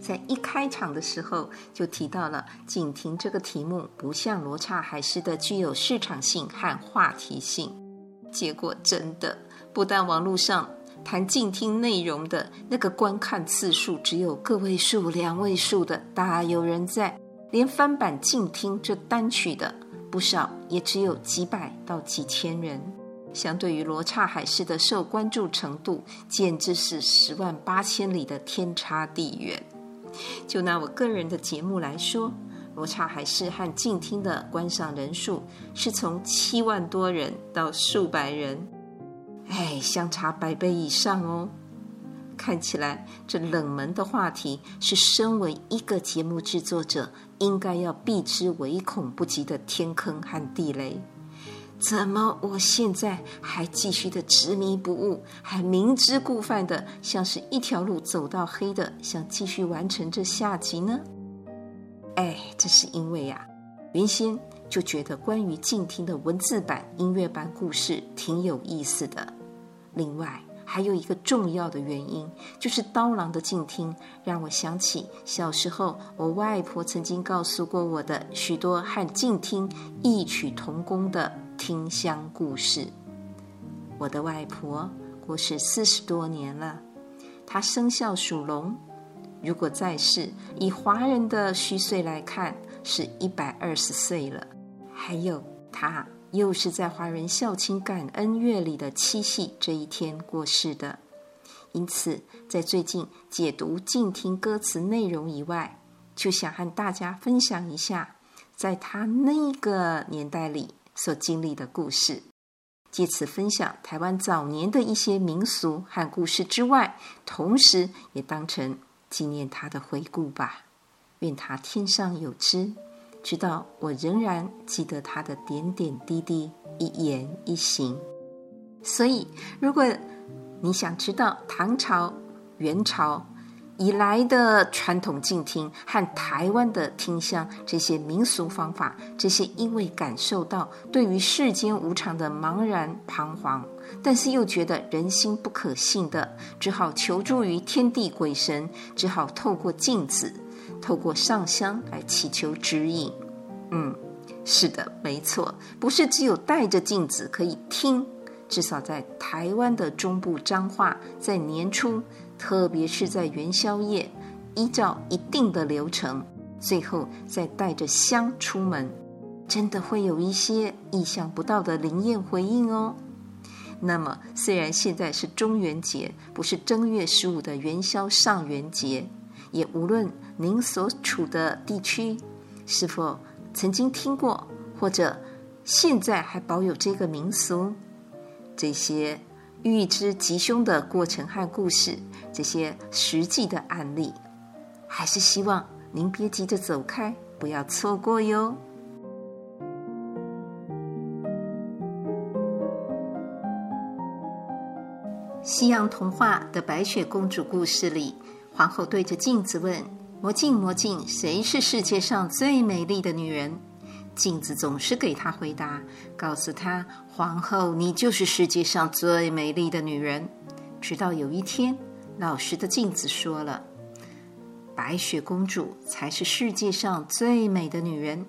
在一開場的時候就提到了“鏡聽”這個題目，不像羅剎海市的具有市場性和話題性。結果真的，不但網絡上談鏡聽內容的那個觀看次數只有個位數、兩位數的大有人在，連翻版鏡聽這單曲的不少也只有幾百到幾千人，相對於羅剎海市的受關注程度，簡直是十萬八千里的天差地遠。就拿我個人的節目來說，《羅剎海市》和《鏡聽》的觀賞人數是從七萬多人到數百人，哎，相差百倍以上哦。看起來，這冷門的話題是身為一個節目制作者應該要避之唯恐不及的天坑和地雷。怎麼？我現在還繼續的執迷不悟，還明知故犯的，像是一條路走到黑的，想繼續完成這下集呢？哎，這是因為呀、啊，原先就覺得關於鏡聽的文字版、音樂版故事挺有意思的。另外，還有一個重要的原因，就是刀郎的鏡聽讓我想起小時候我外婆曾經告訴過我的許多和鏡聽異曲同工的。聽香故事，我的外婆過世四十多年了。她生肖屬龍，如果在世，以華人的虛歲來看，是一百二十歲了。還有，她又是在華人孝親感恩月裡的七夕這一天過世的。因此，在最近解讀鏡聽歌詞內容以外，就想和大家分享一下，在她那個年代裡，所經歷的故事，借此分享台灣早年的一些民俗和故事之外，同時也當成紀念他的回顧吧。願他天上有知，知道我仍然記得他的點點滴滴、一言一行。所以，如果你想知道唐朝、元朝，以來的傳統鏡聽和台灣的聽香，這些民俗方法，這些因為感受到對於世間無常的茫然彷徨，但是又覺得人心不可信的，只好求助於天地鬼神，只好透過鏡子、透過上香來祈求指引。嗯，是的，沒錯，不是只有帶着鏡子可以聽，至少在台灣的中部彰化，在年初。特別是在元宵夜，依照一定的流程，最後再帶着香出門，真的會有一些意想不到的靈驗回應哦。那麼，雖然現在是中元節，不是正月十五的元宵上元節，也無論您所處的地區是否曾經聽過，或者現在還保有這個民俗，這些。預知吉凶的過程和故事，這些實際的案例，還是希望您別急着走開，不要錯過喲。《西洋童話》的《白雪公主》故事裡，皇後對着鏡子問：“魔鏡魔鏡，誰是世界上最美麗的女人？”鏡子總是給他回答，告訴他，皇後，你就是世界上最美麗的女人。”直到有一天，老實的鏡子說了：“白雪公主才是世界上最美的女人。”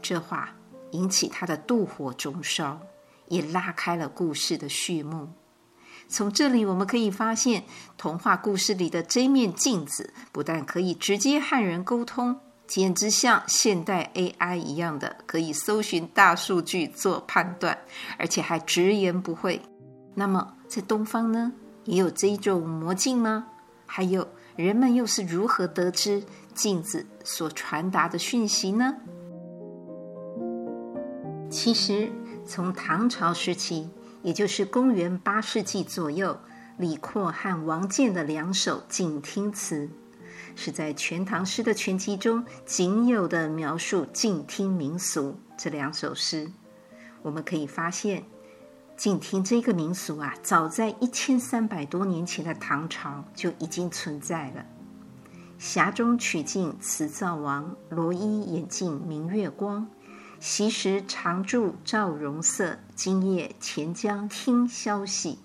這話引起他的妒火中燒，也拉開了故事的序幕。從這裡我們可以發現，童話故事裡的這面鏡子不但可以直接和人溝通。簡直像現代 AI 一樣的可以搜尋大數據做判斷，而且還直言不諱。那麼在東方呢，也有這種魔鏡嗎？還有人們又是如何得知鏡子所傳達的訊息呢？其實從唐朝時期，也就是公元八世紀左右，李廓和王建的兩首《鏡聽詞》。是在《全唐詩》的全集中僅有的描述“鏡聽民俗”這兩首詩，我們可以發現，“鏡聽”這個民俗啊，早在一千三百多年前的唐朝就已經存在了。“匣中取鏡辭灶王，羅衣掩盡明月光。席時常住照容色，今夜潛將聽消息。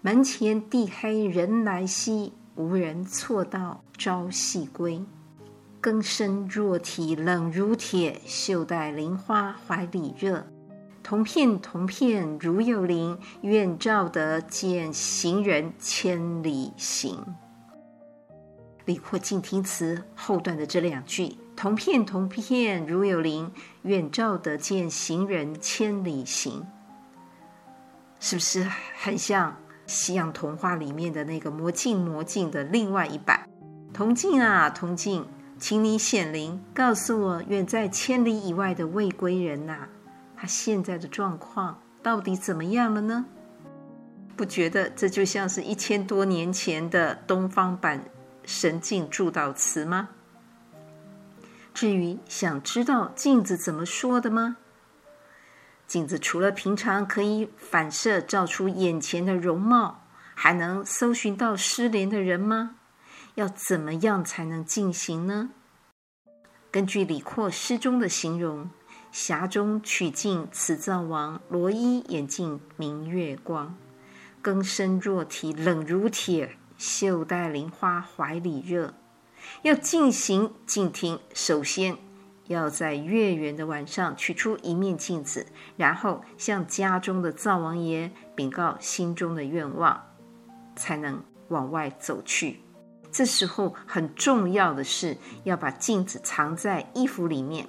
門前地黑人來稀。”無人錯道朝夕歸，更深若體冷如鐵，袖帶菱花懷裡熱，銅片銅片如有靈，願照得見行人千里行。李廓鏡聽詞後段的這兩句“銅片銅片如有靈，願照得見行人千里行”，是不是很像？《西洋童話》裡面的那個魔鏡，魔鏡的另外一版，銅鏡啊，銅鏡，請你顯靈，告訴我遠在千里以外的未歸人吶、啊，他現在的狀況到底怎麼樣了呢？不覺得這就像是一千多年前的東方版神鏡祝禱詞嗎？至於想知道鏡子怎麼說的嗎？鏡子除了平常可以反射照出眼前的容貌，還能搜尋到失聯的人嗎？要怎麼樣才能進行呢？根據李闊詩中的形容：“匣中取鏡，此藏王羅衣眼鏡明月光，更深若體冷如鐵，袖帶菱花懷裡熱。”要進行靜聽，首先，要在月圓的晚上取出一面鏡子，然後向家中的灶王爺稟告心中的願望，才能往外走去。這時候很重要的是要把鏡子藏在衣服裡面，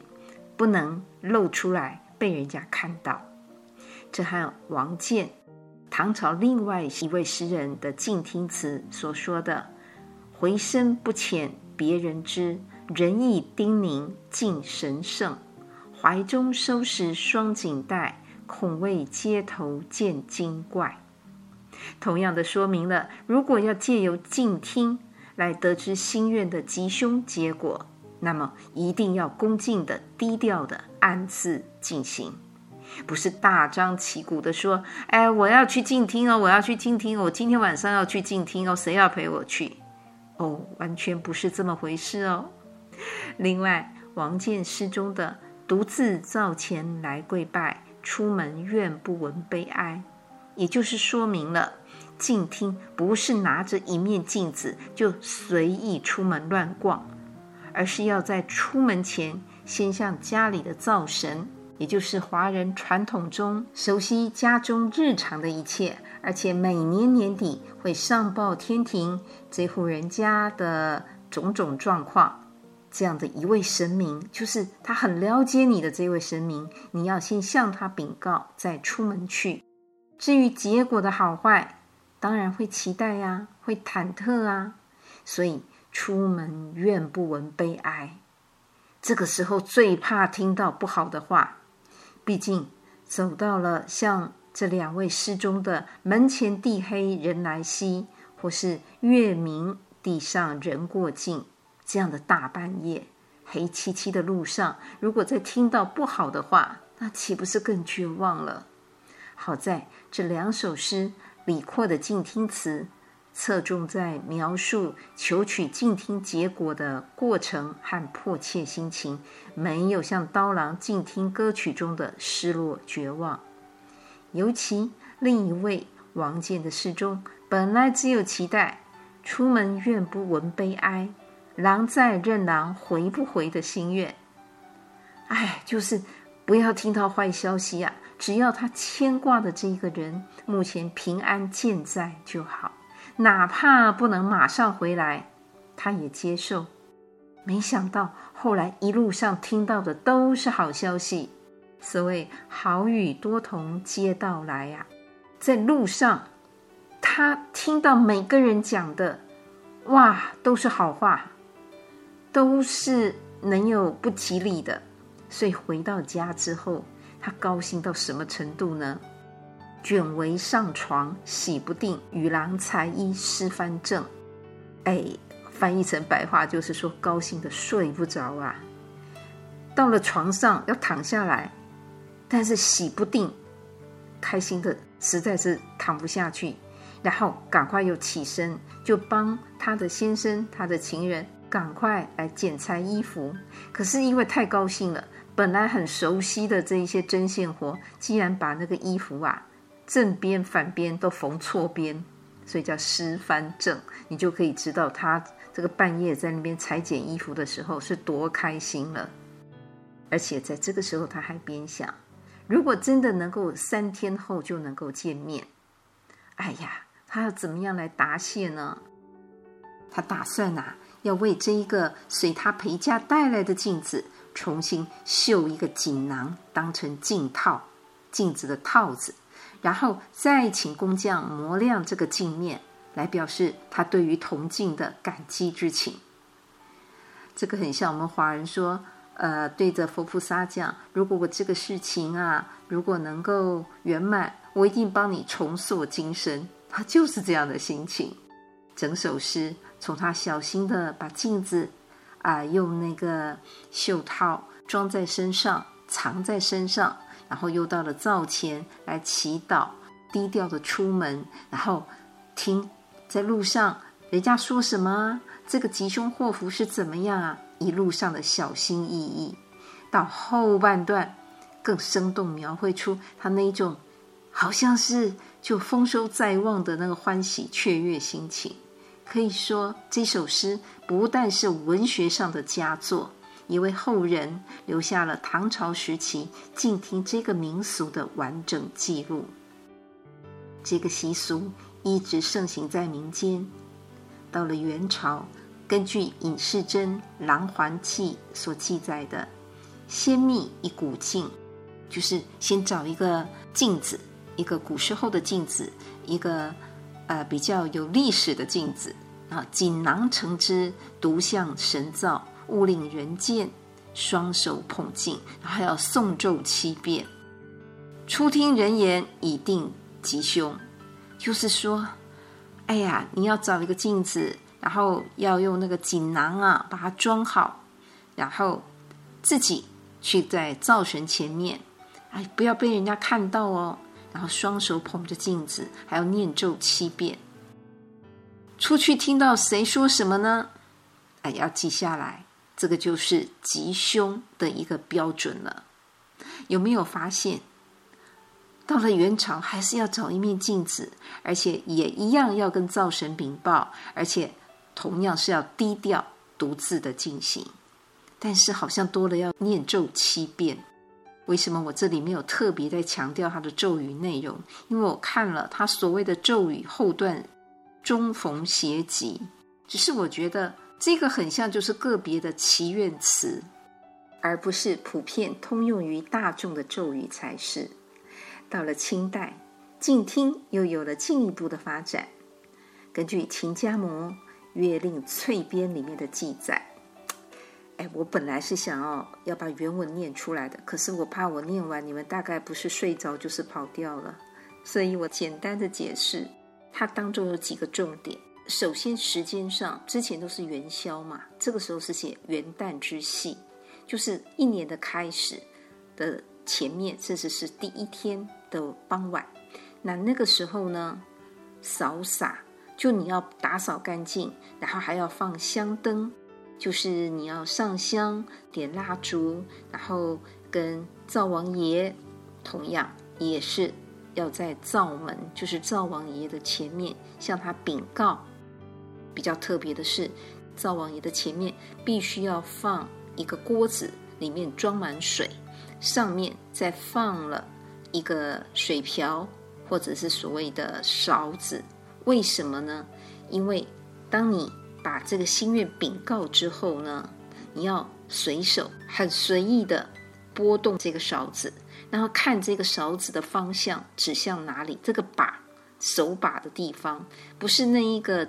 不能露出來被人家看到。這和王建唐朝另外一位詩人的《鏡聽詞》所說的“回身不遣別人知”。人意叮嚀鏡神聖，懷中收拾雙錦帶，恐畏街頭見精怪。同樣的說明了，如果要借由靜聽來得知心願的吉凶結果，那麼一定要恭敬的、低調的、暗自進行，不是大張旗鼓的說：“哎，我要去靜聽哦，我要去靜聽哦，今天晚上要去靜聽哦，誰要陪我去？哦，完全不是這麼回事哦。”另外，王建詩中的“獨自灶前來跪拜，出門願不聞悲哀”，也就是說明了鏡聽不是拿着一面鏡子就隨意出門亂逛，而是要在出門前先向家裡的灶神，也就是華人傳統中熟悉家中日常的一切，而且每年年底會上報天庭這戶人家的種種狀況。這樣的一位神明，就是他很了解你的這位神明，你要先向他稟告再出門去。至於結果的好壞，當然會期待呀、啊，會忐忑啊。所以出門願不聞悲哀，這個時候最怕聽到不好的話。畢竟走到了像這兩位詩中的“門前地黑人來稀”，或是“月明地上人過盡”。這樣的大半夜，黑漆漆的路上，如果再聽到不好的話，那豈不是更絕望了？好在這兩首詩，李闊的《鏡聽詞》側重在描述求取鏡聽結果的過程和迫切心情，沒有像刀郎《鏡聽歌曲》中的失落絕望。尤其另一位王建的詩中，本來只有期待，出門願不聞悲哀。郎在任郎回不回的心願，哎，就是不要聽到壞消息呀、啊。只要他牽掛的這一個人目前平安健在就好，哪怕不能馬上回來，他也接受。沒想到後來一路上聽到的都是好消息，所謂好語多從街道來呀、啊。在路上，他聽到每個人講的，哇，都是好話。都是能有不吉利的，所以回到家之後，他高興到什麼程度呢？捲帷上床，喜不定，與郎裁衣失翻正。哎、欸，翻譯成白話就是說，高興得睡不着啊。到了床上要躺下來，但是喜不定，開心得實在是躺不下去，然後趕快又起身，就幫他的先生，他的情人。趕快來剪裁衣服，可是因為太高興了，本來很熟悉的這一些針線活，竟然把那個衣服啊正邊反邊都縫錯邊，所以叫「失翻正」。你就可以知道他這個半夜在那邊裁剪衣服的時候是多開心了。而且在這個時候，他還邊想：如果真的能夠三天後就能夠見面，哎呀，他要怎麼樣來答謝呢？他打算吶、啊。要為這一個隨他陪嫁帶來的鏡子重新繡一個錦囊，當成鏡套，鏡子的套子，然後再請工匠磨亮這個鏡面，來表示他對於銅鏡的感激之情。這個很像我們華人說，呃，對着佛菩薩講，如果我這個事情啊，如果能夠圓滿，我一定幫你重塑金身，他、啊、就是這樣的心情。整首詩從他小心的把鏡子，啊、呃，用那個袖套裝在身上，藏在身上，然後又到了灶前來祈禱，低調的出門，然後聽在路上人家說什麼，啊，這個吉凶禍福是怎麼樣啊？一路上的小心翼翼，到後半段更生動描繪出他那一種好像是就豐收在望的那個歡喜雀躍心情。可以說，這首詩不但是文學上的佳作，也為後人留下了唐朝時期鏡聽這個民俗的完整記錄。這個習俗一直盛行在民間。到了元朝，根據伊世珍《瑯嬛記》所記載的“先覓一古鏡”，就是先找一個鏡子，一個古時候的鏡子，一個。呃，比較有歷史的鏡子啊，錦囊成之，獨向神灶，勿令人見。雙手捧鏡，然後要誦咒七遍。初聽人言以定吉凶，就是說，哎呀，你要找一個鏡子，然後要用那個錦囊啊把它裝好，然後自己去在灶神前面，哎，不要被人家看到哦。然後雙手捧着鏡子，還要念咒七遍。出去聽到誰說什麼呢？哎呀，要記下來，這個就是吉凶的一個標準了。有沒有發現，到了元朝還是要找一面鏡子，而且也一樣要跟灶神禀報，而且同樣是要低調獨自的進行。但是好像多了要念咒七遍。為什麼我這裡沒有特別在強調它的咒語內容？因為我看了他所謂的咒語後段“終逢協吉”，只是我覺得這個很像就是個別的祈願詞，而不是普遍通用於大眾的咒語才是。到了清代，鏡聽又有了進一步的發展。根據《秦嘉謨月令粹編》裡面的記載。哎，我本來是想要要把原文念出來的，可是我怕我念完你們大概不是睡着就是跑掉了，所以我簡單的解釋，它當中有幾個重點。首先時間上，之前都是元宵嘛，這個時候是寫元旦之戲，就是一年的開始的前面，甚至是第一天的傍晚。那那個時候呢，掃灑，就你要打掃乾淨，然後還要放香燈。就是你要上香、點蠟燭，然後跟灶王爺同樣，也是要在灶門，就是灶王爺的前面向他稟告。比較特別的是，灶王爺的前面必須要放一個鍋子，裡面裝滿水，上面再放了一個水瓢或者是所謂的勺子。為什麼呢？因為當你把這個心願稟告之後呢，你要隨手很隨意的撥動這個勺子，然後看這個勺子的方向指向哪裡。這個把，手把的地方不是那一個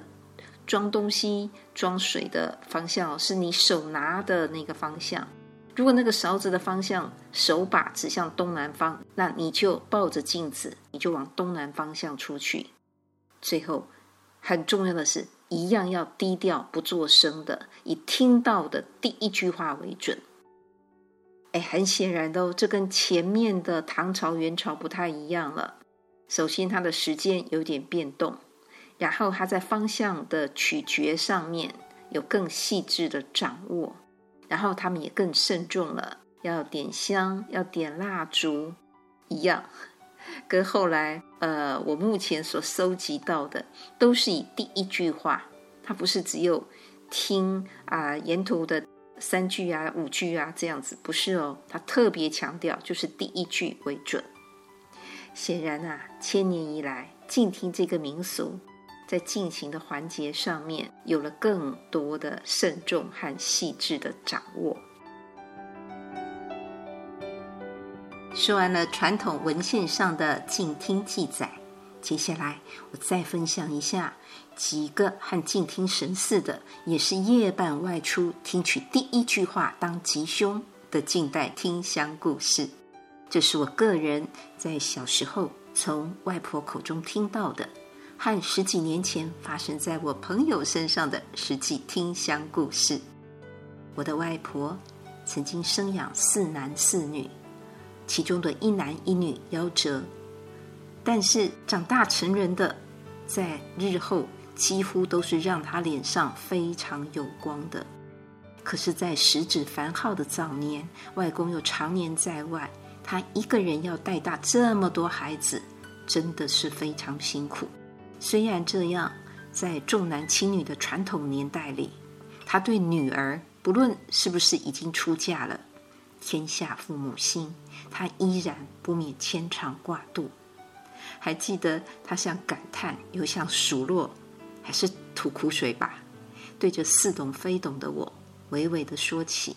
裝東西裝水的方向，是你手拿的那個方向。如果那個勺子的方向，手把指向東南方，那你就抱着鏡子，你就往東南方向出去。最後，很重要的是，一樣要低調不做聲的，以聽到的第一句話為準。誒，很顯然的哦，這跟前面的唐朝、元朝不太一樣了。首先，它的時間有點變動；然後，它在方向的取決上面有更細緻的掌握；然後，他們也更慎重了，要點香，要點蠟燭，一樣。跟後來，呃，我目前所收集到的，都是以第一句話，它不是只有聽啊、呃，沿途的三句啊、五句啊這樣子，不是哦，它特別強調就是第一句為準。顯然吶、啊，千年以來，鏡聽這個民俗，在進行的環節上面，有了更多的慎重和細緻的掌握。說完了傳統文獻上的鏡聽記載，接下來我再分享一下幾個和鏡聽神似的，也是夜半外出聽取第一句話當吉凶的近代聽香故事。這是我個人在小時候從外婆口中聽到的，和十幾年前發生在我朋友身上的實際聽香故事。我的外婆曾經生養四男四女。其中的一男一女夭折，但是長大成人的，在日後幾乎都是讓他臉上非常有光的。可是，在食指繁浩的早年，外公又常年在外，他一個人要帶大這麼多孩子，真的是非常辛苦。雖然這樣，在重男輕女的傳統年代裡，他對女兒，不論是不是已經出嫁了，天下父母心。他依然不免牽腸掛肚，還記得他像感嘆又像數落，還是吐苦水吧，對着似懂非懂的我，娓娓地說起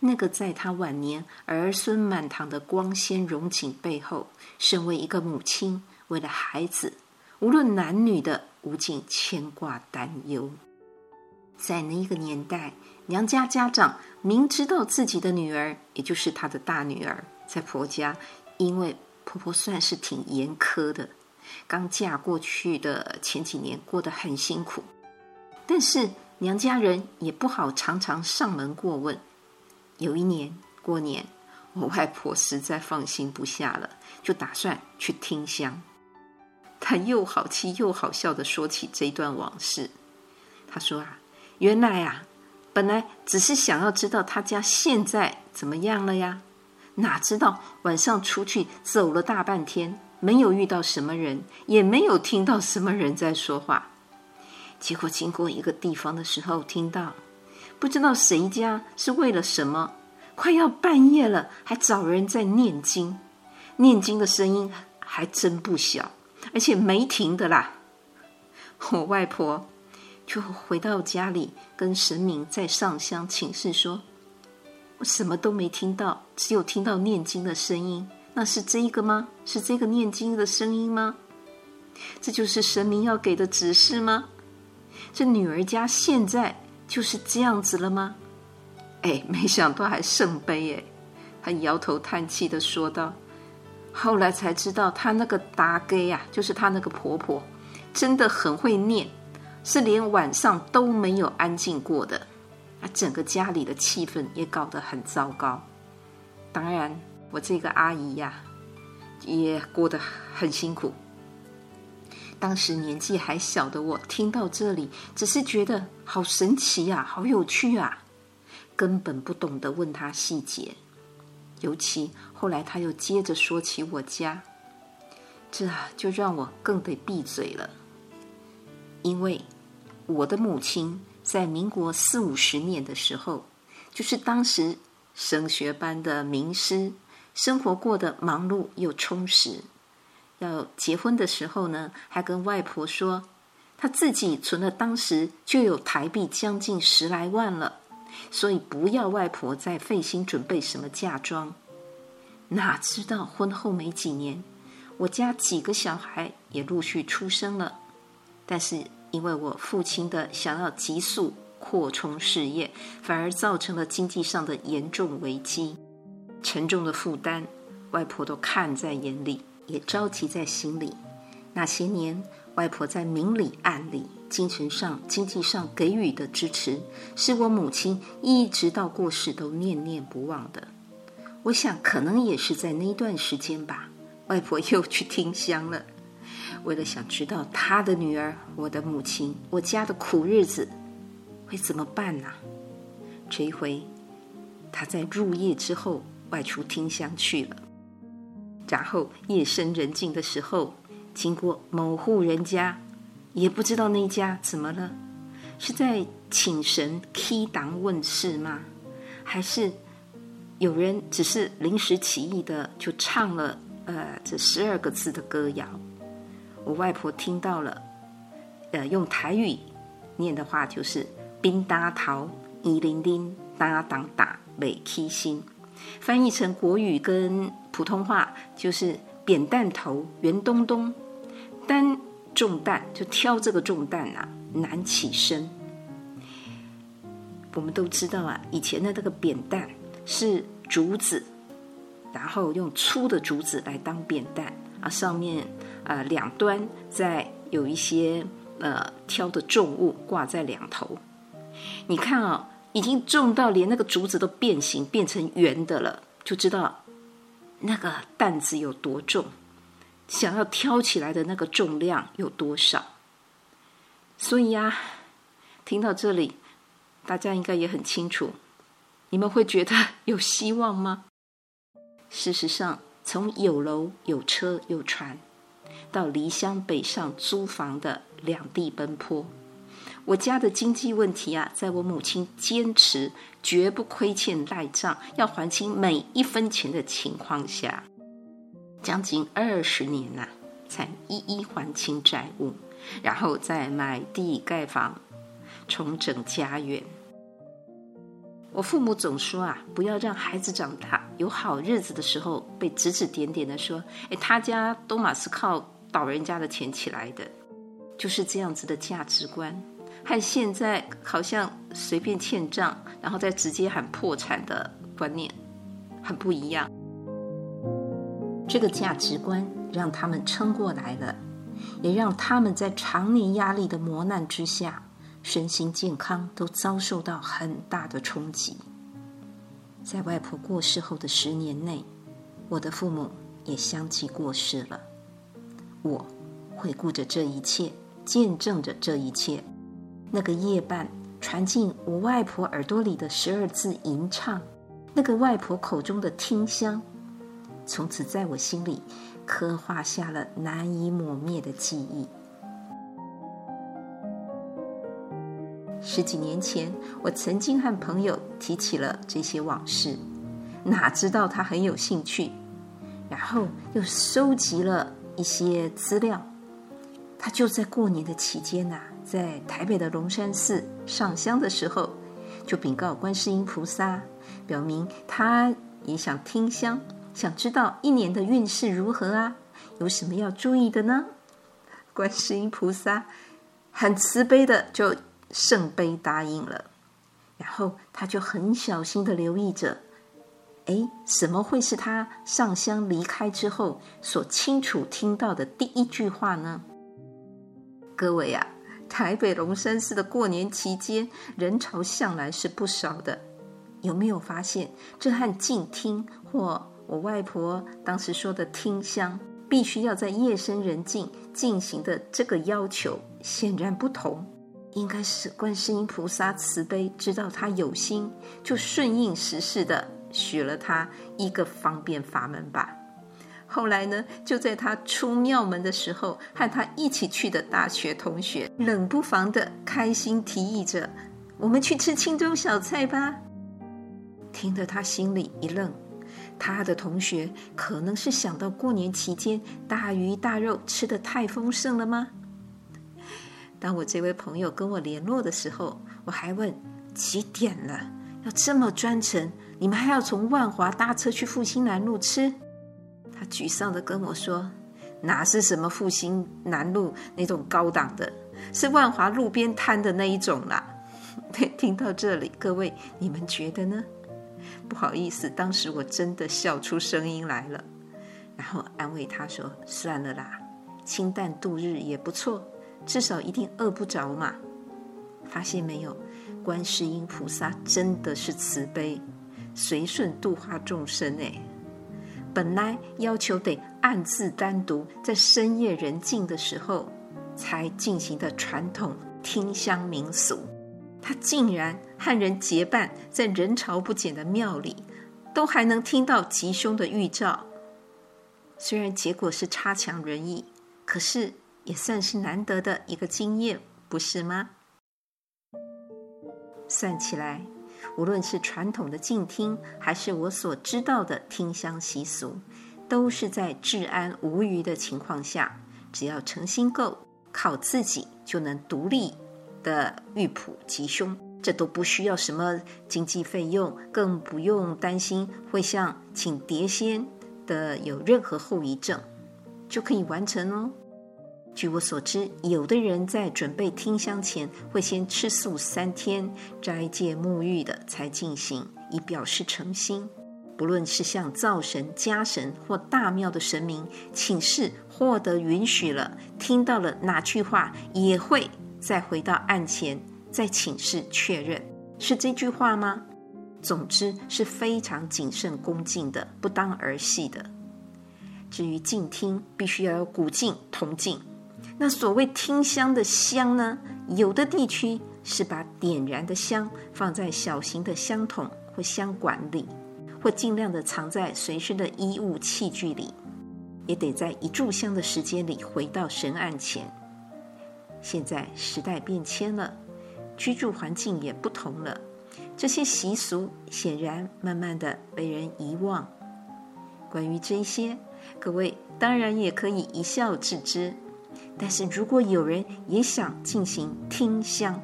那個在他晚年兒孫滿堂的光鮮榮景背後，身為一個母親，為了孩子，無論男女的無盡牽掛擔憂。在那個年代，娘家家長明知道自己的女兒，也就是他的大女兒。在婆家，因為婆婆算是挺嚴苛的，剛嫁過去的前幾年過得很辛苦，但是娘家人也不好常常上門過問。有一年過年，我外婆實在放心不下了，就打算去聽香。她又好氣又好笑地說起這段往事。她說啊，原來啊，本來只是想要知道她家現在怎麼樣了呀。哪知道晚上出去走了大半天，沒有遇到什麼人，也沒有聽到什麼人在說話。結果經過一個地方的時候，聽到不知道誰家是為了什麼，快要半夜了還找人在念經，念經的聲音還真不小，而且沒停的啦。我外婆就回到家裡跟神明在上香請示說。我什麼都沒聽到，只有聽到念經的聲音。那是這個嗎？是這個念經的聲音嗎？這就是神明要給的指示嗎？這女兒家現在就是這樣子了嗎？哎，沒想到還聖杯哎！他搖頭嘆氣的說道。後來才知道，她那個大家呀，就是她那個婆婆，真的很會念，是連晚上都沒有安靜過的。啊，整個家裡的氣氛也搞得很糟糕。當然，我這個阿姨呀、啊，也過得很辛苦。當時年紀還小的我，聽到這裡，只是覺得好神奇呀、啊，好有趣啊，根本不懂得問她細節。尤其後來，她又接着說起我家，這就讓我更得閉嘴了，因為我的母親。在民國四五十年的時候，就是當時升學班的名師，生活過得忙碌又充實。要結婚的時候呢，還跟外婆說，她自己存了當時就有台幣將近十來萬了，所以不要外婆再費心準備什麼嫁妝。哪知道婚後沒幾年，我家幾個小孩也陸續出生了，但是。因為我父親的想要急速擴充事業，反而造成了經濟上的嚴重危機，沉重的負擔，外婆都看在眼裡，也着急在心裡。那些年，外婆在明裡暗裡、精神上、經濟上給予的支持，是我母親一直到過世都念念不忘的。我想，可能也是在那段時間吧，外婆又去聽香了。為了想知道他的女兒、我的母親、我家的苦日子會怎麼辦呢、啊？這一回，他在入夜之後外出聽香去了。然後夜深人靜的時候，經過某戶人家，也不知道那家怎麼了，是在請神提檔、問事嗎？還是有人只是臨時起意的就唱了呃這十二個字的歌謠？我外婆聽到了，呃，用台語念的話就是“冰擔桃、一零零擔當打、難起身”。翻譯成國語跟普通話就是扁“扁擔頭圓咚咚，擔重擔就挑這個重擔吶、啊，難起身”。我們都知道啊，以前的那個扁擔是竹子，然後用粗的竹子來當扁擔啊，而上面。呃，兩端再有一些呃挑的重物掛在兩頭，你看啊，哦，已經重到連那個竹子都變形，變成圓的了，就知道那個擔子有多重，想要挑起來的那個重量有多少。所以啊，聽到這裡，大家應該也很清楚，你們會覺得有希望嗎？事實上，從有樓、有車、有船。到離鄉北上租房的兩地奔波，我家的經濟問題啊，在我母親堅持絕不虧欠、賴賬，要還清每一分錢的情況下，將近二十年吶、啊，才一一還清債務，然後再買地蓋房，重整家園。我父母總說啊，不要讓孩子長大有好日子的時候被指指點點的說，哎、欸，他家都馬是靠。倒人家的錢起來的，就是這樣子的價值觀，和現在好像隨便欠賬，然後再直接喊破產的觀念很不一樣。這個價值觀讓他們撐過來了，也讓他們在長年壓力的磨難之下，身心健康都遭受到很大的衝擊。在外婆過世後的十年內，我的父母也相繼過世了。我回顧着這一切，見證着這一切。那個夜半傳進我外婆耳朵裡的十二字吟唱，那個外婆口中的聽香，從此在我心裡刻畫下了難以磨滅的記憶。十幾年前，我曾經和朋友提起了這些往事，哪知道他很有興趣，然後又收集了。一些資料，他就在過年的期間吶、啊，在台北的龍山寺上香的時候，就稟告觀世音菩薩，表明他也想聽香，想知道一年的運勢如何啊，有什麼要注意的呢？觀世音菩薩很慈悲的就聖杯答應了，然後他就很小心的留意着。哎，什麼會是他上香離開之後所清楚聽到的第一句話呢？各位啊，台北龍山寺的過年期間人潮向來是不少的，有沒有發現這和鏡聽或我外婆當時說的聽香，必須要在夜深人靜進行的這個要求顯然不同？應該是觀世音菩薩慈悲知道他有心，就順應時事的。許了他一個方便法門吧。後來呢，就在他出廟門的時候，和他一起去的大學同學，冷不防的開心提議着：“我們去吃清粥小菜吧。”聽得他心裡一愣。他的同學可能是想到過年期間大魚大肉吃得太豐盛了嗎？當我這位朋友跟我聯絡的時候，我還問幾點了，要這麼專程。你們還要從萬華搭車去復興南路吃？他沮喪地跟我說：“哪是什麼復興南路那種高檔的？是萬華路邊攤的那一種啦。”聽到這裡，各位你們覺得呢？不好意思，當時我真的笑出聲音來了。然後安慰他說：“算了啦，清淡度日也不錯，至少一定餓不着嘛。”發現沒有？觀世音菩薩真的是慈悲。隨順度化眾生哎，本來要求得暗自單獨，在深夜人靜的時候才進行的傳統聽香民俗，他竟然和人結伴，在人潮不減的廟裡，都還能聽到吉凶的預兆。雖然結果是差強人意，可是也算是難得的一個經驗，不是嗎？算起來。無論是傳統的鏡聽，還是我所知道的聽香習俗，都是在治安無虞的情況下，只要誠心夠，靠自己就能獨立的預卜吉凶，這都不需要什麼經濟費用，更不用擔心會像請碟仙的有任何後遺症，就可以完成哦。據我所知，有的人在準備聽香前，會先吃素三天、齋戒沐浴的，才進行，以表示誠心。不論是向灶神、家神或大廟的神明請示，獲得允許了，聽到了哪句話，也會再回到案前，再請示確認是這句話嗎？總之是非常謹慎恭敬的，不當兒戲的。至於鏡聽，必須要有古鏡、銅鏡。那所謂聽香的香呢？有的地區是把點燃的香放在小型的香筒或香管裡，或盡量的藏在隨身的衣物器具裡，也得在一炷香的時間裡回到神案前。現在時代變遷了，居住環境也不同了，這些習俗顯然慢慢的被人遺忘。關於這些，各位當然也可以一笑置之。但是如果有人也想進行聽香，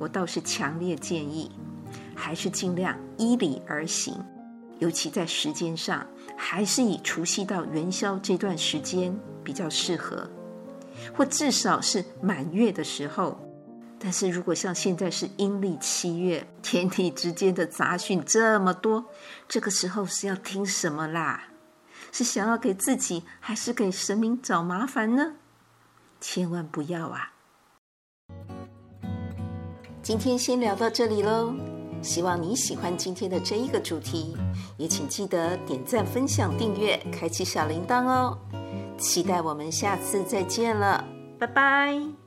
我倒是強烈建議，還是盡量依禮而行，尤其在時間上，還是以除夕到元宵這段時間比較適合，或至少是滿月的時候。但是如果像現在是陰曆七月，天地之間的雜訊這麼多，這個時候是要聽什麼啦？是想要給自己，還是給神明找麻煩呢？千萬不要啊！今天先聊到這裡嘍，希望你喜歡今天的這一個主題，也請記得點讚、分享、訂閱，開啟小鈴鐺哦。期待我們下次再見了，拜拜。